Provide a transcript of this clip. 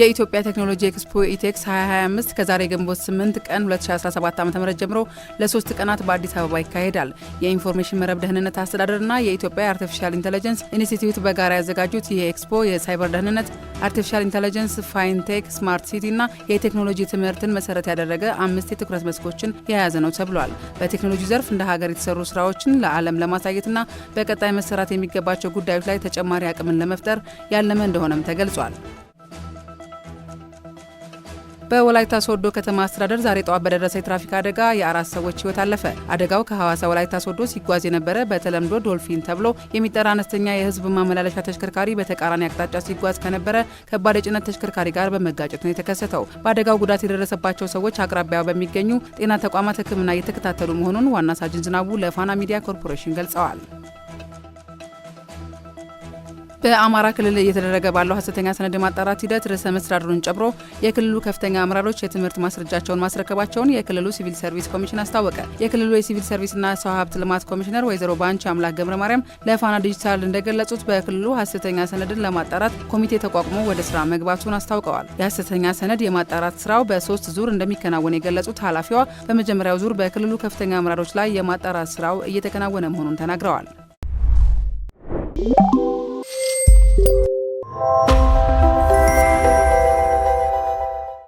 የኢትዮጵያ ቴክኖሎጂ ኤክስፖ ኢቴክስ 2025 ከዛሬ ግንቦት 8 ቀን 2017 .ም ጀምሮ ለሶስት ቀናት በአዲስ አበባ ይካሄዳል። የኢንፎርሜሽን መረብ ደህንነት አስተዳደርና የኢትዮጵያ አርቲፊሻል ኢንቴሊጀንስ ኢንስቲትዩት በጋራ ያዘጋጁት ይህ ኤክስፖ የሳይበር ደህንነት፣ አርቲፊሻል ኢንቴሊጀንስ፣ ፋይንቴክ፣ ስማርት ሲቲ እና የቴክኖሎጂ ትምህርትን መሰረት ያደረገ አምስት የትኩረት መስኮችን የያዘ ነው ተብሏል። በቴክኖሎጂ ዘርፍ እንደ ሀገር የተሰሩ ስራዎችን ለዓለም ለማሳየትና በቀጣይ መሰራት የሚገባቸው ጉዳዮች ላይ ተጨማሪ አቅምን ለመፍጠር ያለመ እንደሆነም ተገልጿል። በወላይታ ሶዶ ከተማ አስተዳደር ዛሬ ጠዋት በደረሰ የትራፊክ አደጋ የአራት ሰዎች ህይወት አለፈ። አደጋው ከሐዋሳ ወላይታ ሶዶ ሲጓዝ የነበረ በተለምዶ ዶልፊን ተብሎ የሚጠራ አነስተኛ የህዝብ ማመላለሻ ተሽከርካሪ በተቃራኒ አቅጣጫ ሲጓዝ ከነበረ ከባድ የጭነት ተሽከርካሪ ጋር በመጋጨት ነው የተከሰተው። በአደጋው ጉዳት የደረሰባቸው ሰዎች አቅራቢያው በሚገኙ ጤና ተቋማት ህክምና እየተከታተሉ መሆኑን ዋና ሳጅን ዝናቡ ለፋና ሚዲያ ኮርፖሬሽን ገልጸዋል። በአማራ ክልል እየተደረገ ባለው ሀሰተኛ ሰነድ ማጣራት ሂደት ርዕሰ መስተዳድሩን ጨምሮ የክልሉ ከፍተኛ አመራሮች የትምህርት ማስረጃቸውን ማስረከባቸውን የክልሉ ሲቪል ሰርቪስ ኮሚሽን አስታወቀ። የክልሉ የሲቪል ሰርቪስና ሰው ሀብት ልማት ኮሚሽነር ወይዘሮ ባንቺ አምላክ ገብረ ማርያም ለፋና ዲጂታል እንደገለጹት በክልሉ ሀሰተኛ ሰነድን ለማጣራት ኮሚቴ ተቋቁሞ ወደ ስራ መግባቱን አስታውቀዋል። የሀሰተኛ ሰነድ የማጣራት ስራው በሶስት ዙር እንደሚከናወን የገለጹት ኃላፊዋ በመጀመሪያው ዙር በክልሉ ከፍተኛ አመራሮች ላይ የማጣራት ስራው እየተከናወነ መሆኑን ተናግረዋል። Bye.